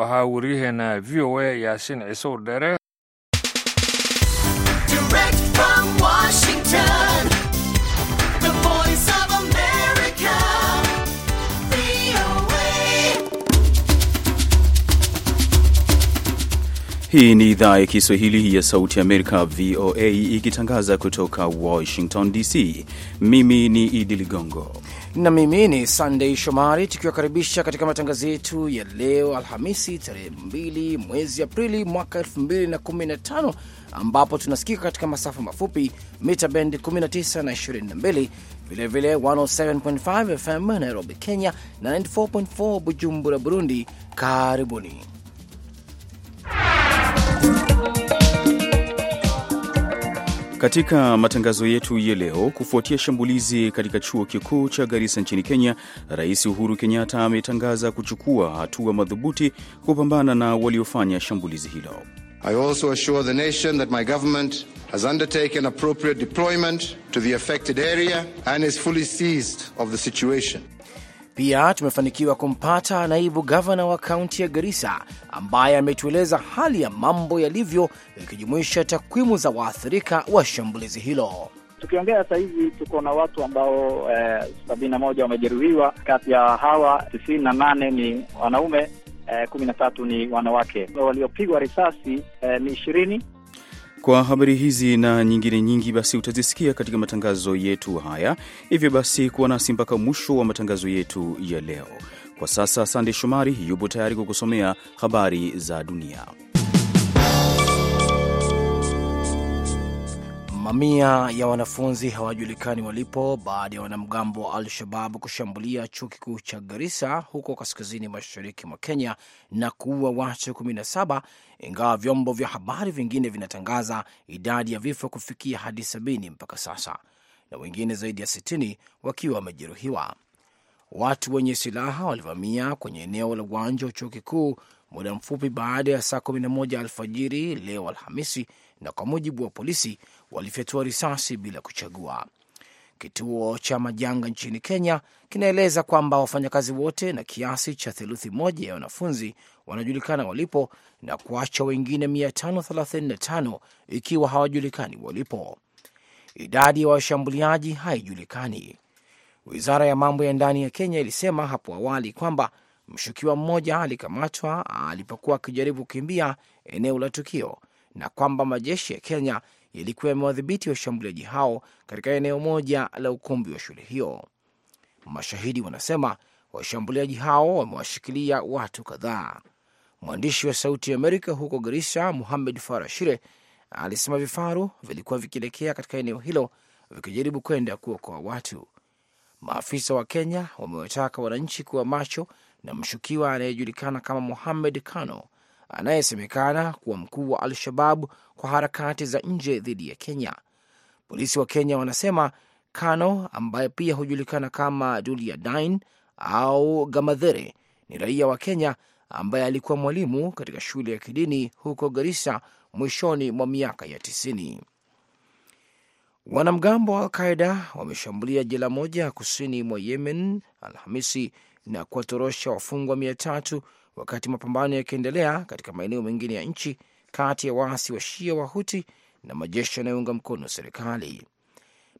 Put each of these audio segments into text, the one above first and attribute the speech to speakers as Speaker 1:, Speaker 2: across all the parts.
Speaker 1: ahaa waryaheena v o a dheere
Speaker 2: Hii ni idhaa ya Kiswahili ya Sauti Amerika, VOA, ikitangaza kutoka Washington DC. Mimi ni Idi Ligongo
Speaker 3: na mimi ni sandei Shomari, tukiwakaribisha katika matangazo yetu ya leo Alhamisi tarehe 2 mwezi Aprili mwaka 2015 ambapo tunasikika katika masafa mafupi mita bendi 19 na 22, vilevile 107.5 FM Nairobi, Kenya na 94.4 Bujumbura, Burundi. Karibuni
Speaker 2: katika matangazo yetu ya leo, kufuatia shambulizi katika chuo kikuu cha Garissa nchini Kenya, Rais Uhuru Kenyatta ametangaza kuchukua hatua madhubuti kupambana na waliofanya shambulizi hilo.
Speaker 4: I also assure the nation that my government has undertaken appropriate deployment to the affected area and is fully seized of the situation.
Speaker 3: Pia tumefanikiwa kumpata naibu gavana wa kaunti ya Garissa ambaye ametueleza hali ya mambo yalivyo, ikijumuisha takwimu za waathirika wa shambulizi hilo.
Speaker 5: Tukiongea sasa hivi tuko na watu ambao eh, sabini na moja wamejeruhiwa. Kati ya hawa tisini na nane ni wanaume, eh, kumi na tatu ni wanawake. Waliopigwa risasi eh, ni ishirini
Speaker 2: kwa habari hizi na nyingine nyingi, basi utazisikia katika matangazo yetu haya. Hivyo basi kuwa nasi mpaka mwisho wa matangazo yetu ya leo. Kwa sasa, Sande Shomari yupo tayari kukusomea
Speaker 3: habari za dunia. Mamia ya wanafunzi hawajulikani walipo baada ya wanamgambo wa Al-Shabab kushambulia chuo kikuu cha Garissa huko kaskazini mashariki mwa Kenya na kuua watu 17 ingawa vyombo vya habari vingine vinatangaza idadi ya vifo kufikia hadi 7b mpaka sasa na wengine zaidi ya 60 wakiwa wamejeruhiwa. Watu wenye silaha walivamia kwenye eneo la uwanja wa chuo kikuu muda mfupi baada ya saa 11 alfajiri leo Alhamisi, na kwa mujibu wa polisi walifyatua risasi bila kuchagua. Kituo cha majanga nchini Kenya kinaeleza kwamba wafanyakazi wote na kiasi cha theluthi moja ya wanafunzi wanajulikana walipo na kuacha wengine 535 ikiwa hawajulikani walipo. Idadi ya wa washambuliaji haijulikani. Wizara ya mambo ya ndani ya Kenya ilisema hapo awali kwamba mshukiwa mmoja alikamatwa alipokuwa akijaribu kukimbia eneo la tukio na kwamba majeshi ya Kenya yalikuwa yamewadhibiti washambuliaji hao katika eneo moja la ukumbi wa shule hiyo. Mashahidi wanasema washambuliaji hao wamewashikilia watu kadhaa. Mwandishi wa Sauti ya Amerika huko Garissa, Muhamed Farashire, alisema vifaru vilikuwa vikielekea katika eneo hilo vikijaribu kwenda kuokoa watu. Maafisa wa Kenya wamewataka wananchi kuwa macho na mshukiwa anayejulikana kama muhamed Kano anayesemekana kuwa mkuu wa Al-Shabab kwa harakati za nje dhidi ya Kenya. Polisi wa Kenya wanasema Kano, ambaye pia hujulikana kama Dulia Dine au Gamadhere, ni raia wa Kenya ambaye alikuwa mwalimu katika shule ya kidini huko Garissa mwishoni mwa miaka ya tisini. Wanamgambo wa Alqaida wameshambulia jela moja kusini mwa Yemen Alhamisi na kuwatorosha wafungwa mia tatu wakati mapambano yakiendelea katika maeneo mengine ya nchi kati ya waasi wa Shia wa Huti na majeshi yanayounga mkono serikali.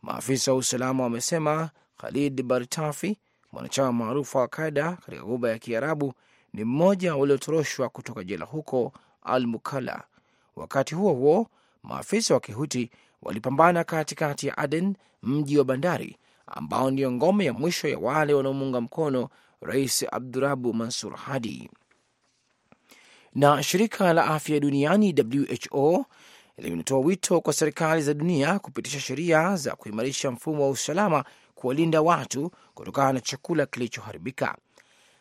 Speaker 3: Maafisa wa usalama wamesema Khalid Bartafi, mwanachama maarufu wa Alqaida katika Ghuba ya Kiarabu, ni mmoja waliotoroshwa kutoka jela huko Al Mukalla. Wakati huo huo, maafisa wa Kihuti walipambana katikati ya Aden, mji wa bandari ambao ndiyo ngome ya mwisho ya wale wanaomuunga mkono Rais Abdurabu Mansur Hadi na shirika la afya duniani WHO limetoa wito kwa serikali za dunia kupitisha sheria za kuimarisha mfumo wa usalama kuwalinda watu kutokana na chakula kilichoharibika.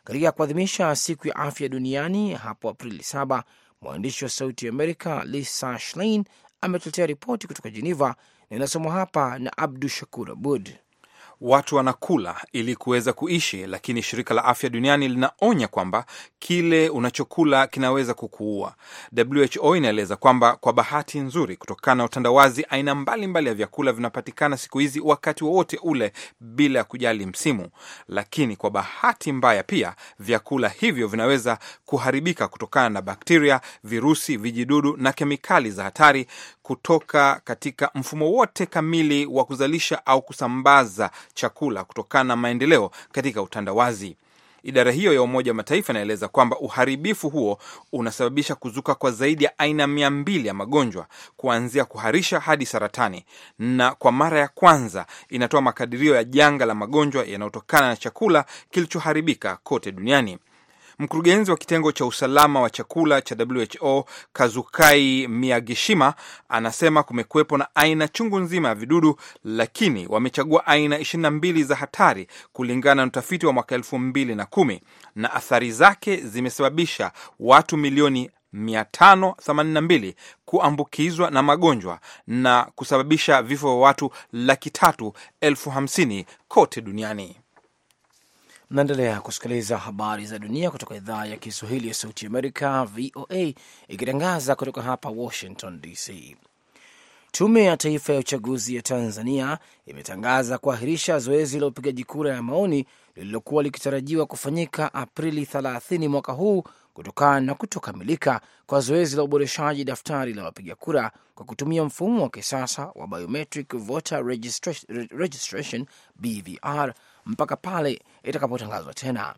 Speaker 3: Katika kuadhimisha siku ya afya duniani hapo Aprili saba, mwandishi wa Sauti ya Amerika Lisa Schlein ametuletea ripoti kutoka Jeneva na inasomwa hapa na Abdu Shakur Abud watu wanakula
Speaker 6: ili kuweza kuishi, lakini shirika la afya duniani linaonya kwamba kile unachokula kinaweza kukuua. WHO inaeleza kwamba kwa bahati nzuri, kutokana na utandawazi, aina mbalimbali mbali ya vyakula vinapatikana siku hizi wakati wowote wa ule, bila ya kujali msimu. Lakini kwa bahati mbaya pia vyakula hivyo vinaweza kuharibika kutokana na bakteria, virusi, vijidudu na kemikali za hatari kutoka katika mfumo wote kamili wa kuzalisha au kusambaza chakula kutokana na maendeleo katika utandawazi. Idara hiyo ya Umoja wa Mataifa inaeleza kwamba uharibifu huo unasababisha kuzuka kwa zaidi ya aina mia mbili ya magonjwa kuanzia kuharisha hadi saratani, na kwa mara ya kwanza inatoa makadirio ya janga la magonjwa yanayotokana na chakula kilichoharibika kote duniani. Mkurugenzi wa kitengo cha usalama wa chakula cha WHO Kazukai Miyagishima anasema kumekuwepo na aina chungu nzima ya vidudu, lakini wamechagua aina 22 za hatari kulingana na utafiti wa mwaka 21 na athari zake zimesababisha watu milioni 582 kuambukizwa na magonjwa na kusababisha vifo vya watu laki tatu elfu hamsini kote duniani
Speaker 3: naendelea kusikiliza habari za dunia kutoka idhaa ya Kiswahili ya Sauti Amerika, VOA, ikitangaza kutoka hapa Washington DC. Tume ya Taifa ya Uchaguzi ya Tanzania imetangaza kuahirisha zoezi la upigaji kura ya maoni lililokuwa likitarajiwa kufanyika Aprili 30 mwaka huu kutokana na kutokamilika kwa zoezi la uboreshaji daftari la wapiga kura kwa kutumia mfumo wa kisasa wa Biometric Voter Registration, Registration BVR mpaka pale itakapotangazwa tena.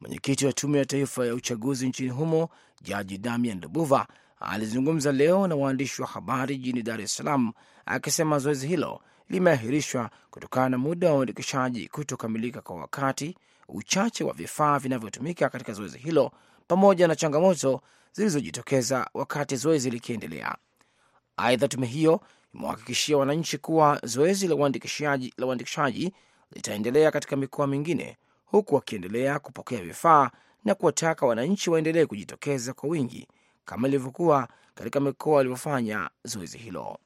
Speaker 3: Mwenyekiti wa tume ya taifa ya uchaguzi nchini humo Jaji Damian Lubuva alizungumza leo na waandishi wa habari jijini Dar es Salaam akisema zoezi hilo limeahirishwa kutokana na muda wa uandikishaji kutokamilika kwa wakati, uchache wa vifaa vinavyotumika katika zoezi hilo, pamoja na changamoto zilizojitokeza wakati zoezi likiendelea. Aidha, tume hiyo imewahakikishia wananchi kuwa zoezi la uandikishaji litaendelea katika mikoa mingine, huku wakiendelea kupokea vifaa na kuwataka wananchi waendelee kujitokeza kwa wingi kama ilivyokuwa katika mikoa walivyofanya zoezi hilo.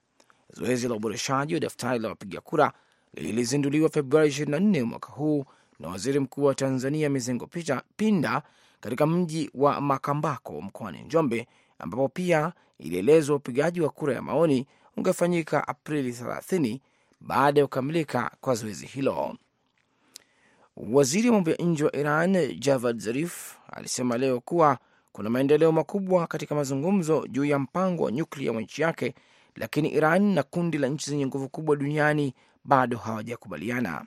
Speaker 3: Zoezi la uboreshaji wa daftari la wapiga kura lilizinduliwa Februari 24 mwaka huu na waziri mkuu wa Tanzania Mizengo Pinda, Pinda katika mji wa Makambako mkoani Njombe, ambapo pia ilielezwa upigaji wa kura ya maoni ungefanyika Aprili baada ya kukamilika kwa zoezi hilo. Waziri wa mambo ya nje wa Iran Javad Zarif alisema leo kuwa kuna maendeleo makubwa katika mazungumzo juu ya mpango wa nyuklia wa nchi yake, lakini Iran na kundi la nchi zenye nguvu kubwa duniani bado hawajakubaliana.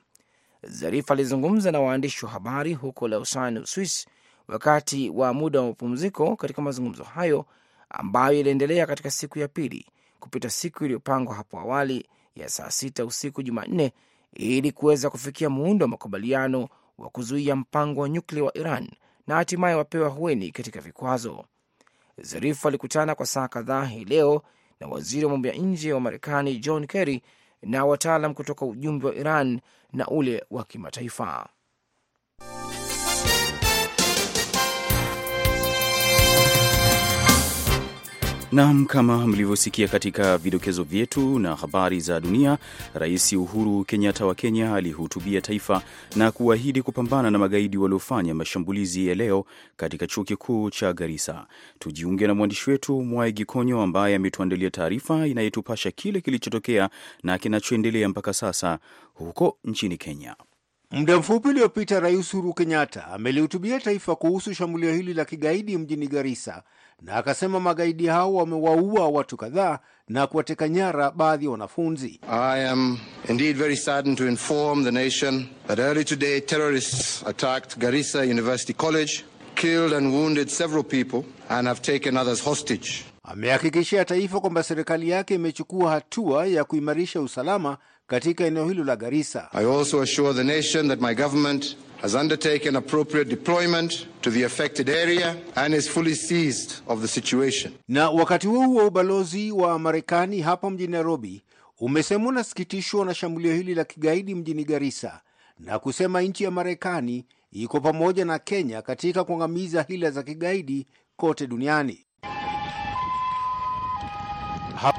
Speaker 3: Zarif alizungumza na waandishi wa habari huko Lausanne, Uswis, wakati wa muda wa mapumziko katika mazungumzo hayo ambayo iliendelea katika siku ya pili kupita siku iliyopangwa hapo awali ya saa sita usiku Jumanne ili kuweza kufikia muundo wa makubaliano wa kuzuia mpango wa nyuklia wa Iran na hatimaye wapewa hueni katika vikwazo. Zarifu alikutana kwa saa kadhaa hii leo na waziri wa mambo ya nje wa Marekani John Kerry na wataalam kutoka ujumbe wa Iran na ule wa kimataifa.
Speaker 2: Nam, kama mlivyosikia katika vidokezo vyetu na habari za dunia, Rais Uhuru Kenyatta wa Kenya alihutubia taifa na kuahidi kupambana na magaidi waliofanya mashambulizi ya leo katika chuo kikuu cha Garissa. Tujiunge na mwandishi wetu Mwaigi Konyo ambaye ametuandalia taarifa inayetupasha kile kilichotokea na kinachoendelea mpaka sasa huko nchini Kenya.
Speaker 4: Muda mfupi uliopita, Rais Uhuru Kenyatta amelihutubia taifa kuhusu shambulio hili la kigaidi mjini Garissa na akasema magaidi hao wamewaua watu kadhaa na kuwateka nyara baadhi ya wanafunzi. I am indeed very saddened to inform the nation that early today terrorists attacked Garissa University College, killed and wounded several people and have taken others hostage. Amehakikishia taifa kwamba serikali yake imechukua hatua ya kuimarisha usalama katika eneo hilo la Garissa. I also assure the nation that my government has undertaken appropriate deployment to the affected area and is fully seized of the situation. Na wakati huo huo ubalozi wa Marekani hapa mjini Nairobi umesema unasikitishwa na shambulio hili la kigaidi mjini Garissa na kusema nchi ya Marekani iko pamoja na Kenya katika kuangamiza hila za kigaidi kote duniani.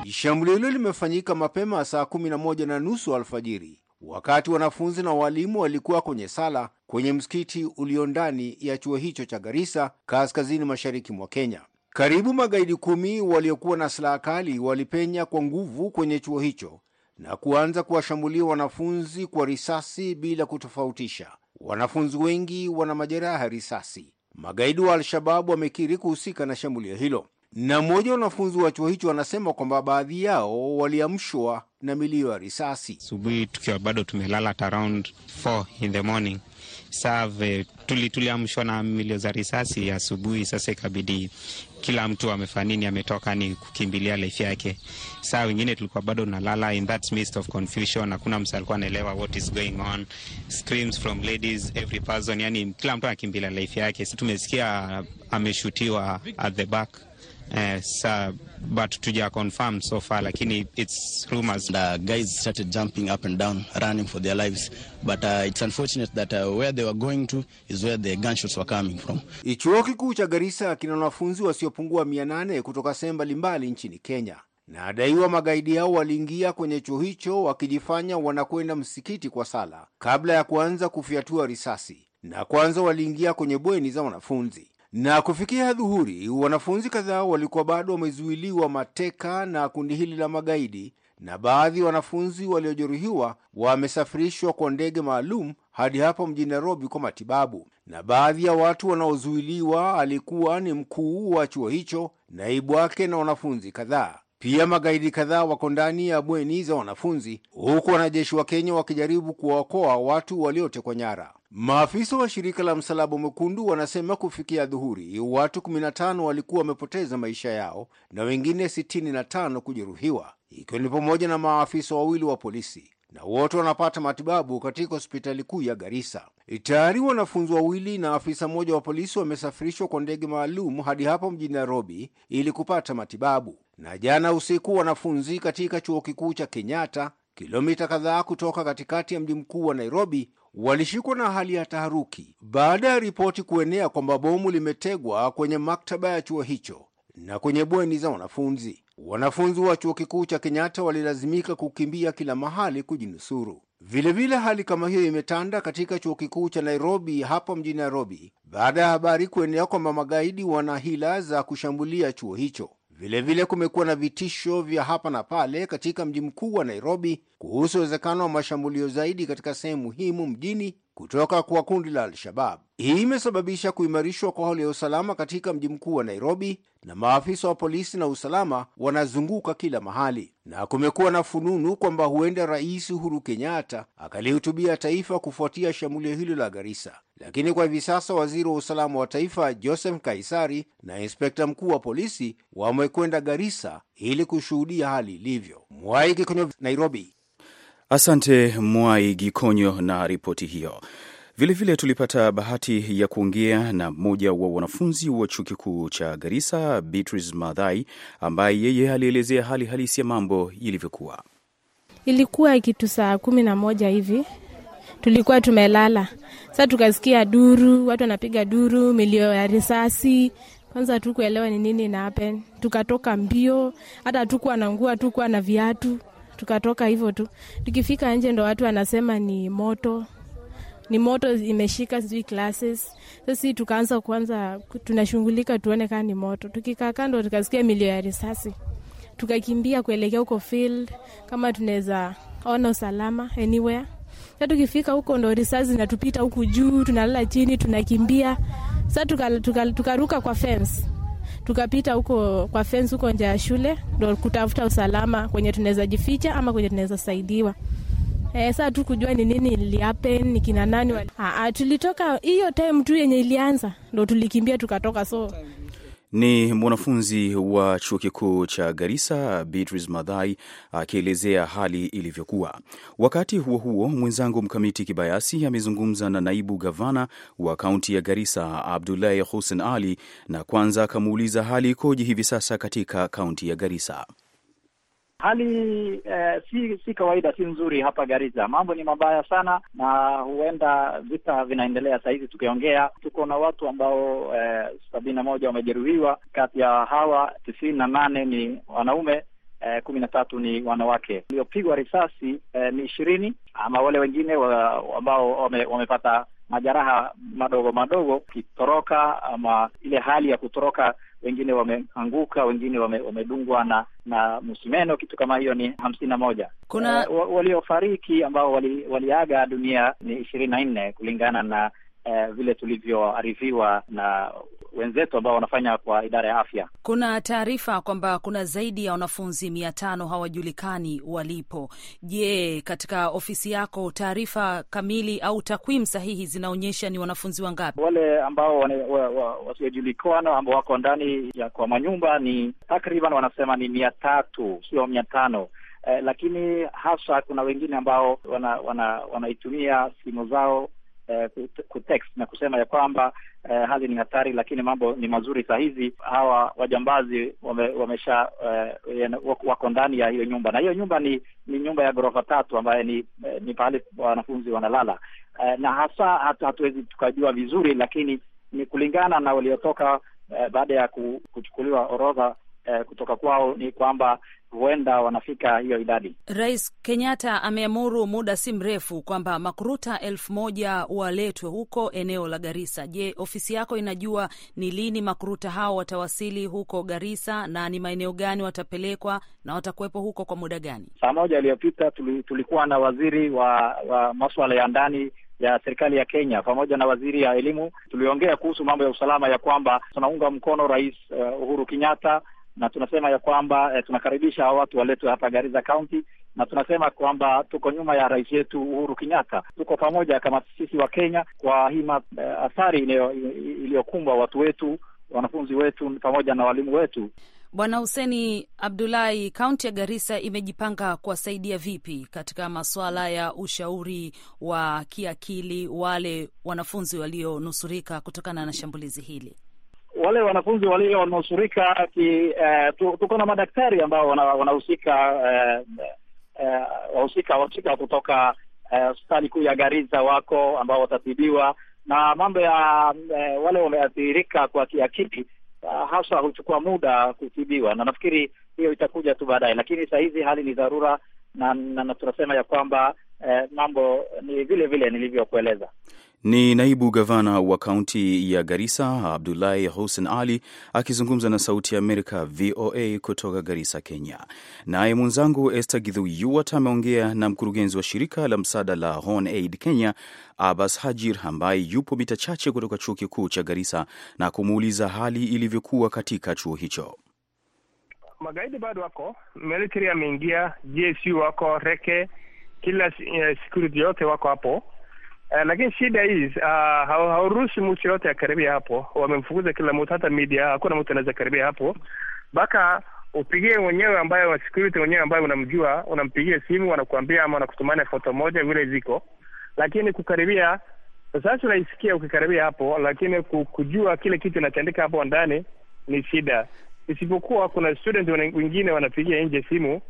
Speaker 4: Shambulio hilo limefanyika mapema saa moja na nusu alfajiri Wakati wanafunzi na walimu walikuwa kwenye sala kwenye msikiti ulio ndani ya chuo hicho cha Garissa, kaskazini mashariki mwa Kenya. Karibu magaidi kumi waliokuwa na silaha kali walipenya kwa nguvu kwenye chuo hicho na kuanza kuwashambulia wanafunzi kwa risasi bila kutofautisha. Wanafunzi wengi wana majeraha risasi. Magaidi wa Al-Shababu wamekiri kuhusika na shambulio hilo na mmoja wa wanafunzi wa chuo hicho anasema kwamba baadhi yao waliamshwa na milio ya risasi asubuhi, tukiwa bado tumelala at around 4 in the morning. Save tuli tuliamshwa na milio za risasi asubuhi. Sasa ikabidi kila mtu amefanini ametoka ni kukimbilia life yake. Saa wengine tulikuwa bado nalala, in that midst of confusion, hakuna mtu alikuwa anaelewa what is going on, screams from ladies, every person, yani kila mtu anakimbilia life yake. Tumesikia ameshutiwa at the back Uh, eh, so, but tuja confirm so far lakini it's rumors. The guys started jumping up and down running for their lives but uh, it's unfortunate that uh, where
Speaker 2: they were going to is where the gunshots were coming from.
Speaker 4: Chuo kikuu cha Garissa kina wanafunzi wasiopungua 800 kutoka sehemu mbalimbali nchini Kenya na adaiwa magaidi hao waliingia kwenye chuo hicho wakijifanya wanakwenda msikiti kwa sala kabla ya kuanza kufyatua risasi na kwanza waliingia kwenye bweni za wanafunzi. Na kufikia dhuhuri, wanafunzi kadhaa walikuwa bado wamezuiliwa mateka na kundi hili la magaidi, na baadhi ya wanafunzi waliojeruhiwa wamesafirishwa kwa ndege maalum hadi hapo mjini Nairobi kwa matibabu. Na baadhi ya watu wanaozuiliwa alikuwa ni mkuu wa chuo hicho, naibu wake na wanafunzi kadhaa. Pia magaidi kadhaa wako ndani ya bweni za wanafunzi, huku wanajeshi wa Kenya wakijaribu kuwaokoa watu waliotekwa nyara. Maafisa wa shirika la Msalaba Mwekundu wanasema kufikia dhuhuri watu 15 walikuwa wamepoteza maisha yao na wengine 65 kujeruhiwa, ikiwa ni pamoja na maafisa wawili wa polisi na wote wanapata matibabu katika hospitali kuu ya Garissa. Tayari wanafunzi wawili na afisa mmoja wa polisi wamesafirishwa kwa ndege maalum hadi hapo mjini Nairobi ili kupata matibabu. Na jana usiku wanafunzi katika chuo kikuu cha Kenyatta, kilomita kadhaa kutoka katikati ya mji mkuu wa Nairobi, walishikwa na hali ya taharuki baada ya ripoti kuenea kwamba bomu limetegwa kwenye maktaba ya chuo hicho na kwenye bweni za wanafunzi. Wanafunzi wa chuo kikuu cha Kenyatta walilazimika kukimbia kila mahali kujinusuru. Vilevile, hali kama hiyo imetanda katika chuo kikuu cha Nairobi hapa mjini Nairobi baada ya habari kuenea kwamba magaidi wana hila za kushambulia chuo hicho. Vilevile kumekuwa na vitisho vya hapa na pale katika mji mkuu wa Nairobi kuhusu uwezekano wa mashambulio zaidi katika sehemu muhimu mjini kutoka kwa kundi la Al-Shabab. Hii imesababisha kuimarishwa kwa hali ya usalama katika mji mkuu wa Nairobi, na maafisa wa polisi na usalama wanazunguka kila mahali, na kumekuwa na fununu kwamba huenda Rais Uhuru Kenyatta akalihutubia taifa kufuatia shambulio hilo la Garissa. Lakini kwa hivi sasa waziri wa usalama wa taifa Joseph Kaisari na inspekta mkuu wa polisi wamekwenda Garissa ili kushuhudia hali ilivyo. Mwaiki kwenye Nairobi.
Speaker 2: Asante Mwai Gikonyo na ripoti hiyo. Vilevile vile tulipata bahati ya kuongea na mmoja wa wanafunzi wa chuo kikuu cha Garissa, Beatrice Madhai, ambaye yeye alielezea hali halisi ya mambo ilivyokuwa.
Speaker 7: Ilikuwa kitu saa kumi na moja hivi tulikuwa tumelala, saa tukasikia duru, watu wanapiga duru, milio ya risasi. Kwanza tukuelewa ni nini na happen, tukatoka mbio, hata tukuwa na nguo, tukuwa na viatu tukatoka hivyo tu. Tukifika nje ndo watu wanasema ni moto ni moto imeshika sijui classes. Sasi tukaanza kwanza, tunashughulika tuone kama ni moto. Tukikaa kando, tukasikia milio ya risasi, tukakimbia kuelekea huko field kama tunaweza ona usalama anywhere. Sa tukifika huko ndo risasi zinatupita huku juu, tunalala chini, tunakimbia. Sa tukaruka tuka, tuka kwa fence tukapita huko kwa fence huko nje ya shule, ndo kutafuta usalama kwenye tunaweza jificha ama kwenye tunaweza saidiwa. Eh, saa tu kujua ni nini iliapen ni kina nani. Ah, ah, tulitoka hiyo time tu yenye ilianza ndo tulikimbia tukatoka, so
Speaker 2: ni mwanafunzi wa chuo kikuu cha garisa Beatrice Madhai akielezea hali ilivyokuwa. Wakati huo huo, mwenzangu Mkamiti Kibayasi amezungumza na naibu gavana wa kaunti ya garisa Abdullahi Hussein Ali, na kwanza akamuuliza hali ikoje hivi sasa katika kaunti ya garisa
Speaker 8: Hali eh,
Speaker 5: si si kawaida, si nzuri hapa Gariza. Mambo ni mabaya sana, na huenda vita vinaendelea sahizi. Tukiongea tuko na watu ambao eh, sabini na moja wamejeruhiwa. Kati ya hawa tisini na nane ni wanaume eh, kumi na tatu ni wanawake. Waliopigwa risasi eh, ni ishirini, ama wale wengine wa, ambao wame, wamepata majeraha madogo madogo kitoroka, ama ile hali ya kutoroka wengine wameanguka, wengine wame, wamedungwa na na msimeno, kitu kama hiyo ni hamsini na moja. Kuna uh, waliofariki ambao waliaga wali dunia ni ishirini na nne kulingana na eh, vile tulivyoarifiwa na wenzetu ambao wanafanya kwa idara ya afya.
Speaker 9: Kuna taarifa kwamba kuna zaidi ya wanafunzi mia tano hawajulikani walipo. Je, katika ofisi yako taarifa kamili au takwimu sahihi zinaonyesha ni wanafunzi wangapi?
Speaker 5: Wale ambao wasiojulikana wa, wa, ambao wako ndani ya kwa manyumba ni takriban wanasema ni mia tatu sio mia tano. Eh, lakini hasa kuna wengine ambao wanaitumia wana, wana simu zao uh, eh, kutext na kusema ya kwamba eh, hali ni hatari, lakini mambo ni mazuri saa hizi. Hawa wajambazi wame, wamesha eh, wako ndani ya hiyo nyumba, na hiyo nyumba ni ni nyumba ya ghorofa tatu ambayo ni, eh, ni pahali wanafunzi wanalala eh, na hasa hatu, hatuwezi tukajua vizuri, lakini ni kulingana na waliotoka eh, baada ya kuchukuliwa orodha eh, kutoka kwao ni kwamba huenda wanafika hiyo idadi.
Speaker 9: Rais Kenyatta ameamuru muda si mrefu kwamba makuruta elfu moja waletwe huko eneo la garisa Je, ofisi yako inajua ni lini makuruta hao watawasili huko Garisa na ni maeneo gani watapelekwa na watakuwepo huko kwa muda gani?
Speaker 5: Saa moja iliyopita tulikuwa na waziri wa, wa maswala ya ndani ya serikali ya Kenya pamoja na waziri ya elimu. Tuliongea kuhusu mambo ya usalama ya kwamba tunaunga mkono Rais uh, Uhuru Kenyatta na tunasema ya kwamba e, tunakaribisha hao watu waletwe hapa Garissa County na tunasema kwamba tuko nyuma ya rais yetu Uhuru Kenyatta, tuko pamoja kama sisi wa Kenya kwa hii e, athari iliyokumbwa watu wetu, wanafunzi wetu pamoja na walimu wetu.
Speaker 9: Bwana Huseni abdulahi kaunti ya Garissa imejipanga kuwasaidia vipi katika masuala ya ushauri wa kiakili wale wanafunzi walionusurika kutokana na shambulizi hili?
Speaker 5: wale wanafunzi walio wanusurika eh, tuko na madaktari ambao wanahusika wahusika eh, eh, wahusika kutoka eh, hospitali kuu ya Gariza wako ambao watatibiwa na mambo ya eh, wale wameathirika kwa kiakili uh, eh, hasa huchukua muda kutibiwa, na nafikiri hiyo itakuja tu baadaye, lakini saa hizi hali ni dharura na, na, na tunasema ya kwamba eh, mambo ni vile vile nilivyokueleza.
Speaker 2: Ni naibu gavana wa kaunti ya Garissa Abdullahi Hussein Ali akizungumza na Sauti ya Amerika VOA kutoka Garissa, Kenya. Naye mwenzangu Esther Githu Yuat ameongea na mkurugenzi wa shirika la msaada la Horn Aid Kenya Abbas Hajir ambaye yupo mita chache kutoka chuo kikuu cha Garissa na kumuuliza hali ilivyokuwa katika chuo hicho.
Speaker 1: Magaidi bado wako, military ameingia, GSU wako, reke, kila eh, security yote wako hapo Uh, lakini shida hii uh, hauruhusi mtu yote akaribia hapo. Wamemfukuza kila mtu, hata media, hakuna mtu anaweza karibia hapo mpaka upigie mwenyewe ambaye wa security mwenyewe ambaye unamjua, unampigia simu, wanakuambia ama wanakutumania foto moja vile ziko, lakini kukaribia sasa unaisikia ukikaribia hapo, lakini kujua kile kitu inatendeka hapo ndani ni shida, isipokuwa kuna student wengine wanapigia nje simu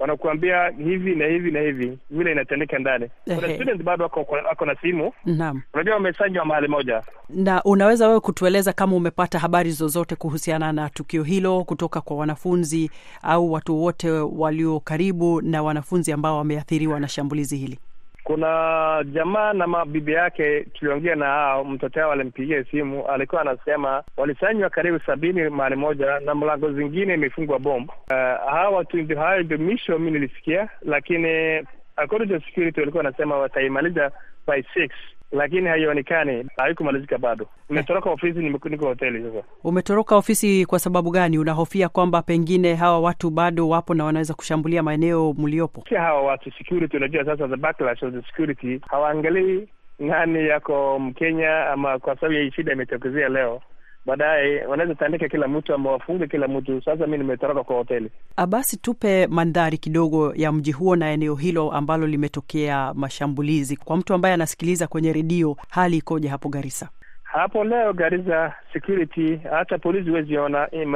Speaker 1: wanakuambia hivi na hivi na hivi vile inatendeka ndani. Kuna student bado wako na simu, naam, unajua wamesanywa mahali moja.
Speaker 8: Na unaweza wewe kutueleza kama umepata habari zozote kuhusiana na tukio hilo kutoka kwa wanafunzi au watu wote walio karibu na wanafunzi ambao wameathiriwa na shambulizi hili?
Speaker 1: kuna jamaa na mabibi yake tuliongea na hao, mtoto wao alimpigia simu, alikuwa anasema walisanywa karibu sabini mahali moja na mlango zingine imefungwa bombo Uh, eh, hawa watu ndio hayo, ndio misho mi nilisikia, lakini according to security walikuwa wanasema wataimaliza by six lakini haionekani, haikumalizika bado. Nimetoroka ofisi, niko hoteli sasa.
Speaker 8: Umetoroka ofisi kwa sababu gani? Unahofia kwamba pengine hawa watu bado wapo na wanaweza kushambulia maeneo mliopo?
Speaker 1: Hawa watu security, unajua sasa the backlash of the security, hawaangalii nani yako Mkenya ama, kwa sababu hii shida imetokezea leo baadaye wanaweza tandika kila mtu ama wafunge kila mtu. Sasa mi nimetoroka kwa hoteli.
Speaker 8: Ah, basi tupe mandhari kidogo ya mji huo na eneo hilo ambalo limetokea mashambulizi. Kwa mtu ambaye anasikiliza kwenye redio, hali ikoje hapo garisa
Speaker 1: Hapo leo garisa security, hata polisi huwezi ona, eh,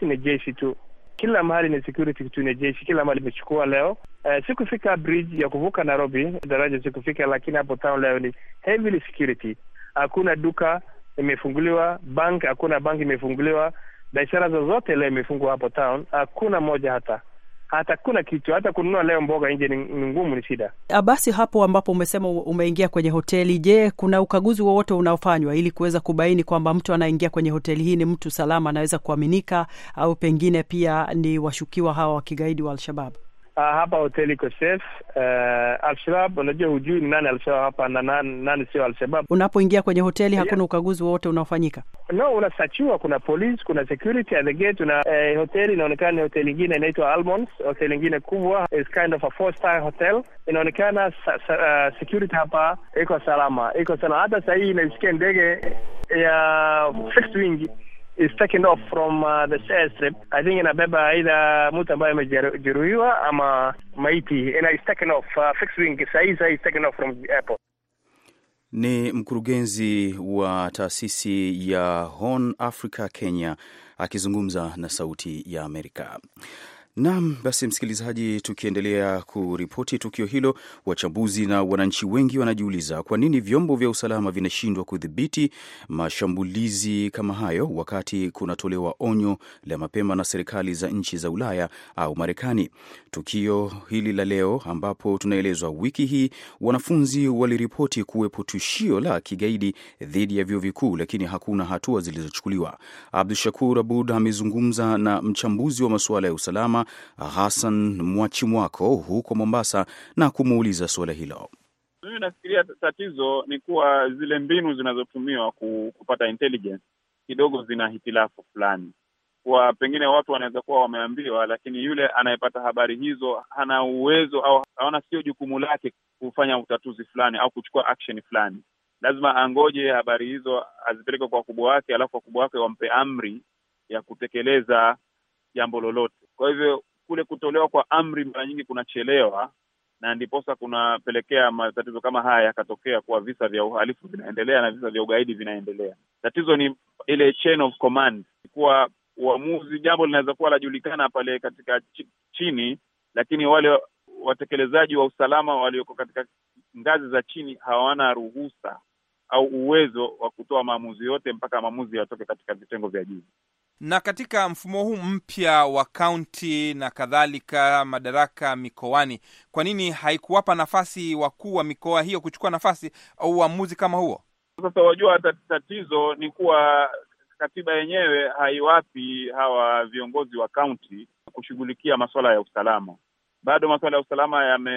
Speaker 1: ni jeshi tu, kila mahali ni security tu, ni jeshi kila mahali. Imechukua leo eh, sikufika bridge ya kuvuka Nairobi, daraja sikufika, lakini hapo town leo ni heavily security, hakuna duka imefunguliwa, bank hakuna bank imefunguliwa, biashara zozote leo imefungwa hapo town, hakuna moja hata hata kuna kitu hata kununua leo mboga nje ni ngumu, ni shida.
Speaker 8: Abasi, ah, hapo ambapo umesema umeingia kwenye hoteli, je, kuna ukaguzi wowote unaofanywa ili kuweza kubaini kwamba mtu anaingia kwenye hoteli hii ni mtu salama, anaweza kuaminika, au pengine pia ni washukiwa hawa wa kigaidi wa alshababu
Speaker 1: Ah, hapa hoteli iko safe. Uh, eh, Alshabab unajua, hujui ni nani Alshabab hapa na nani, nani sio Alshabab.
Speaker 8: Unapoingia kwenye hoteli yeah, ukaguzi wowote unaofanyika?
Speaker 1: No, unasachiwa. Kuna police, kuna security at the gate na eh, hoteli inaonekana ni hoteli ingine inaitwa Almonds, hoteli ingine kubwa, is kind of a four star hotel. Inaonekana sa, sa, uh, security hapa iko salama, iko salama. Hata sahii inaisikia ndege ya fixed wing is taken off from uh, the share strip. I think inabeba aidha mtu ambaye amejeruhiwa ama maiti, and is taken off uh, fixed wing saiza is taken off from the airport.
Speaker 2: Ni mkurugenzi wa taasisi ya Horn Africa Kenya akizungumza na Sauti ya Amerika. Naam, basi msikilizaji, tukiendelea kuripoti tukio hilo, wachambuzi na wananchi wengi wanajiuliza kwa nini vyombo vya usalama vinashindwa kudhibiti mashambulizi kama hayo wakati kunatolewa onyo la mapema na serikali za nchi za Ulaya au Marekani. Tukio hili la leo, ambapo tunaelezwa wiki hii wanafunzi waliripoti kuwepo tishio la kigaidi dhidi ya vyuo vikuu, lakini hakuna hatua zilizochukuliwa. Abdu Shakur Abud amezungumza na mchambuzi wa masuala ya usalama Hassan Mwachimwako huko Mombasa na kumuuliza suala hilo.
Speaker 10: Mimi nafikiria tatizo ni kuwa zile mbinu zinazotumiwa kupata intelligence kidogo zina hitilafu fulani, kwa pengine watu wanaweza kuwa wameambiwa, lakini yule anayepata habari hizo hana uwezo au haona, sio jukumu lake kufanya utatuzi fulani au kuchukua action fulani. Lazima angoje habari hizo azipeleke kwa wakubwa wake, alafu wakubwa wake wampe amri ya kutekeleza jambo lolote. Kwa hivyo kule kutolewa kwa amri mara nyingi kunachelewa, na ndiposa kunapelekea matatizo kama haya yakatokea, kuwa visa vya uhalifu vinaendelea na visa vya ugaidi vinaendelea. Tatizo ni ile chain of command, kuwa uamuzi, jambo linaweza kuwa lajulikana pale katika chini, lakini wale watekelezaji wa usalama walioko katika ngazi za chini hawana ruhusa au uwezo wa kutoa maamuzi yote mpaka maamuzi yatoke katika vitengo vya juu.
Speaker 6: Na katika mfumo huu mpya wa kaunti na kadhalika, madaraka mikoani, kwa nini haikuwapa nafasi wakuu wa mikoa hiyo kuchukua nafasi au uamuzi kama huo?
Speaker 10: Sasa wajua, tatizo ni kuwa katiba yenyewe haiwapi hawa viongozi wa kaunti kushughulikia masuala ya usalama. Bado masuala ya usalama yame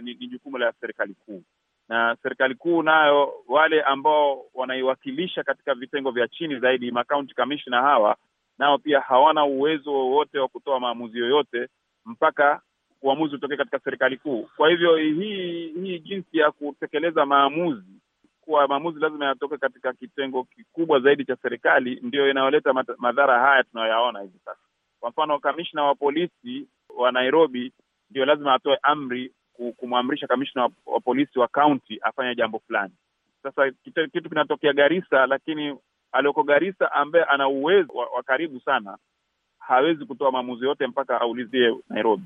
Speaker 10: ni, ni jukumu la serikali kuu, na serikali kuu nayo wale ambao wanaiwakilisha katika vitengo vya chini zaidi, makaunti kamishna hawa nao pia hawana uwezo wowote wa kutoa maamuzi yoyote mpaka uamuzi utoke katika serikali kuu. Kwa hivyo hii hii jinsi ya kutekeleza maamuzi kuwa maamuzi lazima yatoke katika kitengo kikubwa zaidi cha serikali ndiyo inayoleta madhara haya tunayoyaona hivi sasa. Kwa mfano, kamishna wa polisi wa Nairobi ndio lazima atoe amri kumwamrisha kamishna wa, polisi wa kaunti afanye jambo fulani. Sasa kitu kinatokea Garissa, lakini aliyoko Garissa ambaye ana uwezo wa karibu sana hawezi kutoa maamuzi yote mpaka aulizie Nairobi.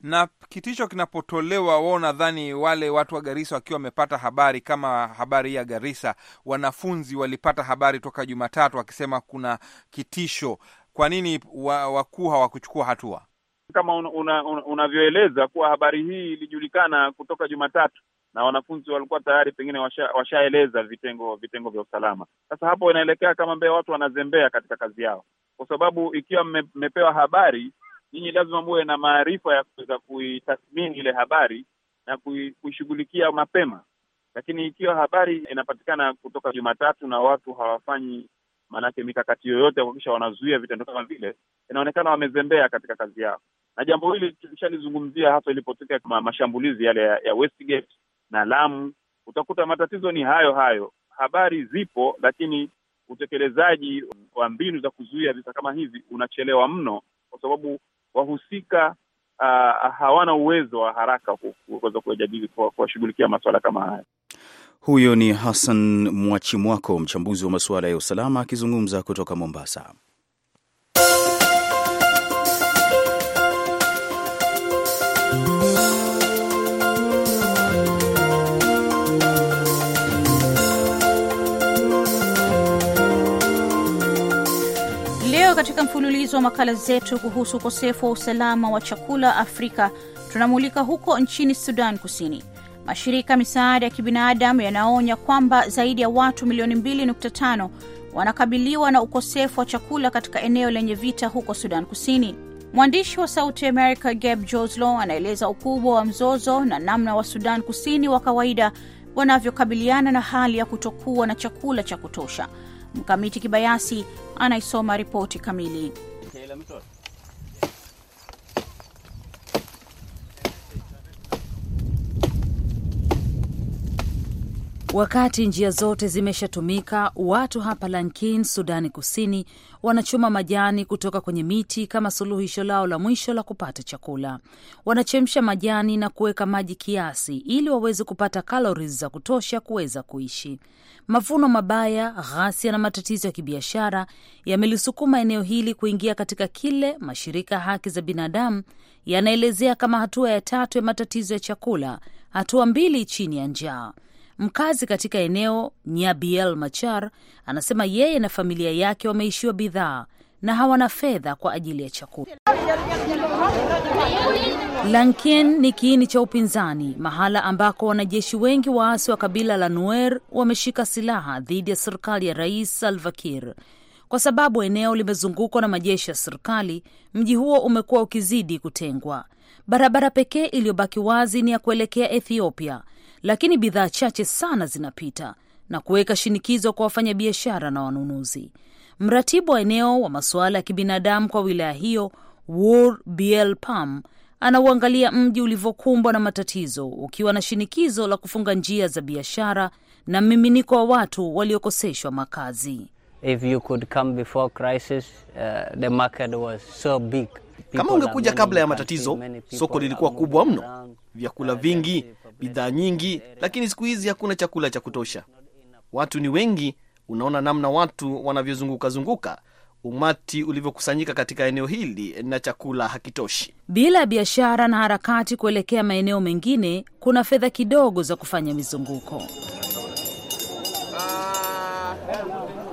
Speaker 6: Na kitisho kinapotolewa, wao nadhani wale watu wa Garissa wakiwa wamepata habari kama habari ya Garissa, wanafunzi walipata habari toka Jumatatu wakisema kuna kitisho. Kwa nini wakuu hawakuchukua hatua?
Speaker 10: Kama unavyoeleza una, una kuwa habari hii ilijulikana kutoka Jumatatu, na wanafunzi walikuwa tayari pengine washaeleza washa vitengo vitengo vya usalama. Sasa hapo inaelekea kama mbele watu wanazembea katika kazi yao, kwa sababu ikiwa mmepewa habari nyinyi lazima muwe na maarifa ya kuweza kuitathmini ile habari na kuishughulikia mapema. Lakini ikiwa habari inapatikana kutoka Jumatatu na watu hawafanyi maanake mikakati yoyote ya kuhakikisha wanazuia vitendo kama vile, inaonekana wamezembea katika kazi yao, na jambo hili tulishalizungumzia hasa ilipotokea mashambulizi yale ya, ya Westgate na Lamu, utakuta matatizo ni hayo hayo. Habari zipo, lakini utekelezaji wa mbinu za kuzuia visa kama hivi unachelewa mno, kwa sababu wahusika uh, hawana uwezo wa haraka kuweza kuwajadili kuwashughulikia masuala kama haya.
Speaker 2: Huyo ni Hassan Mwachimwako, mchambuzi wa masuala ya usalama akizungumza kutoka Mombasa.
Speaker 9: Katika mfululizo wa makala zetu kuhusu ukosefu wa usalama wa chakula Afrika, tunamulika huko nchini Sudan Kusini. Mashirika misaada ya kibinadamu yanaonya kwamba zaidi ya watu milioni 2.5 wanakabiliwa na ukosefu wa chakula katika eneo lenye vita huko Sudan Kusini. Mwandishi wa Sauti america geb joslo Joslow anaeleza ukubwa wa mzozo na namna wa Sudan Kusini wa kawaida wanavyokabiliana na hali ya kutokuwa na chakula cha kutosha. Mkamiti Kibayasi anaisoma ripoti kamili. Wakati njia zote zimeshatumika, watu hapa Lankin, Sudani Kusini, wanachuma majani kutoka kwenye miti kama suluhisho lao la mwisho la kupata chakula. Wanachemsha majani na kuweka maji kiasi, ili waweze kupata kalori za kutosha kuweza kuishi. Mavuno mabaya, ghasia na matatizo ya kibiashara yamelisukuma eneo hili kuingia katika kile mashirika ya haki za binadamu yanaelezea kama hatua ya tatu ya matatizo ya chakula, hatua mbili chini ya njaa. Mkazi katika eneo Nyabiel Machar anasema yeye na familia yake wameishiwa bidhaa na hawana fedha kwa ajili ya chakula. Lankien ni kiini cha upinzani, mahala ambako wanajeshi wengi waasi wa kabila la Nuer wameshika silaha dhidi ya serikali ya Rais Salva Kiir. Kwa sababu eneo limezungukwa na majeshi ya serikali, mji huo umekuwa ukizidi kutengwa. Barabara pekee iliyobaki wazi ni ya kuelekea Ethiopia lakini bidhaa chache sana zinapita na kuweka shinikizo kwa wafanyabiashara na wanunuzi. Mratibu wa eneo wa masuala ya kibinadamu kwa wilaya hiyo Wor Biel Pam anauangalia mji ulivyokumbwa na matatizo ukiwa na shinikizo la kufunga njia za biashara na mmiminiko wa watu waliokoseshwa makazi. If you could come before crisis, uh, the market was
Speaker 2: so big. Kama ungekuja kabla ya matatizo, soko lilikuwa kubwa mno, vyakula vingi bidhaa nyingi, lakini siku hizi hakuna chakula cha kutosha. Watu ni wengi, unaona namna watu wanavyozungukazunguka, umati ulivyokusanyika katika eneo hili na chakula hakitoshi.
Speaker 9: Bila ya biashara na harakati kuelekea maeneo mengine, kuna fedha kidogo za kufanya mizunguko.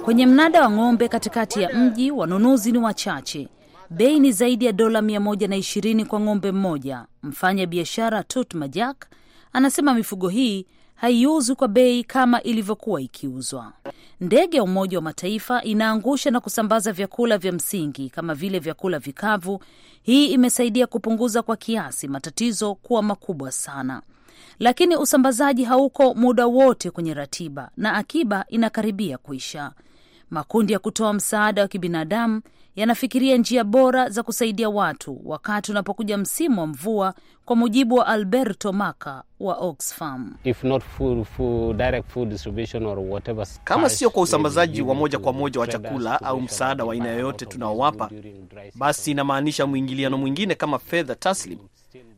Speaker 9: Kwenye mnada wa ng'ombe katikati ya mji, wanunuzi ni wachache. Bei ni zaidi ya dola 120 kwa ng'ombe mmoja. Mfanya biashara Tut Majak Anasema mifugo hii haiuzwi kwa bei kama ilivyokuwa ikiuzwa. Ndege ya Umoja wa Mataifa inaangusha na kusambaza vyakula vya msingi kama vile vyakula vikavu. Hii imesaidia kupunguza kwa kiasi matatizo kuwa makubwa sana, lakini usambazaji hauko muda wote kwenye ratiba na akiba inakaribia kuisha. Makundi ya kutoa msaada wa kibinadamu yanafikiria njia bora za kusaidia watu wakati unapokuja msimu wa mvua, kwa mujibu wa Alberto Maka wa Oxfam.
Speaker 3: If not food, food, direct food distribution or whatever, kama sio kwa usambazaji wa moja kwa moja wa chakula au msaada wa aina yoyote tunaowapa,
Speaker 2: basi inamaanisha mwingiliano mwingine kama fedha taslim,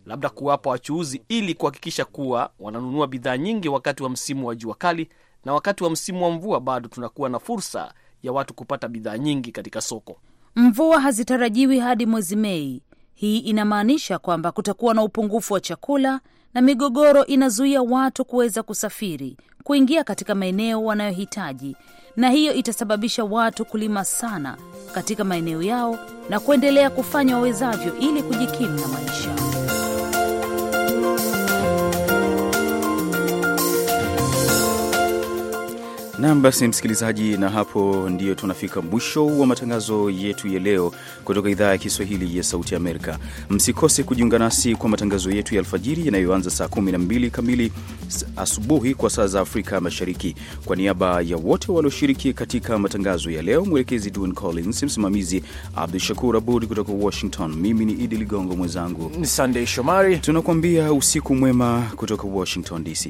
Speaker 2: labda kuwapa wachuuzi ili kuhakikisha kuwa wananunua bidhaa nyingi wakati wa msimu wa jua kali, na wakati wa msimu wa mvua bado tunakuwa na fursa ya watu kupata bidhaa nyingi katika soko.
Speaker 9: Mvua hazitarajiwi hadi mwezi Mei. Hii inamaanisha kwamba kutakuwa na upungufu wa chakula na migogoro inazuia watu kuweza kusafiri kuingia katika maeneo wanayohitaji, na hiyo itasababisha watu kulima sana katika maeneo yao na kuendelea kufanya wawezavyo ili kujikimu na maisha.
Speaker 2: Nam, basi msikilizaji, na hapo ndiyo tunafika mwisho wa matangazo yetu ya leo kutoka idhaa ya Kiswahili ya Sauti ya Amerika. Msikose kujiunga nasi kwa matangazo yetu ya alfajiri yanayoanza saa 12 kamili asubuhi kwa saa za Afrika Mashariki. Kwa niaba ya wote walioshiriki katika matangazo ya leo, mwelekezi Dwayne Collins, msimamizi Abdu Shakur Abud kutoka Washington, mimi ni Idi Ligongo, mwenzangu Sandey Shomari, tunakuambia usiku mwema kutoka Washington DC.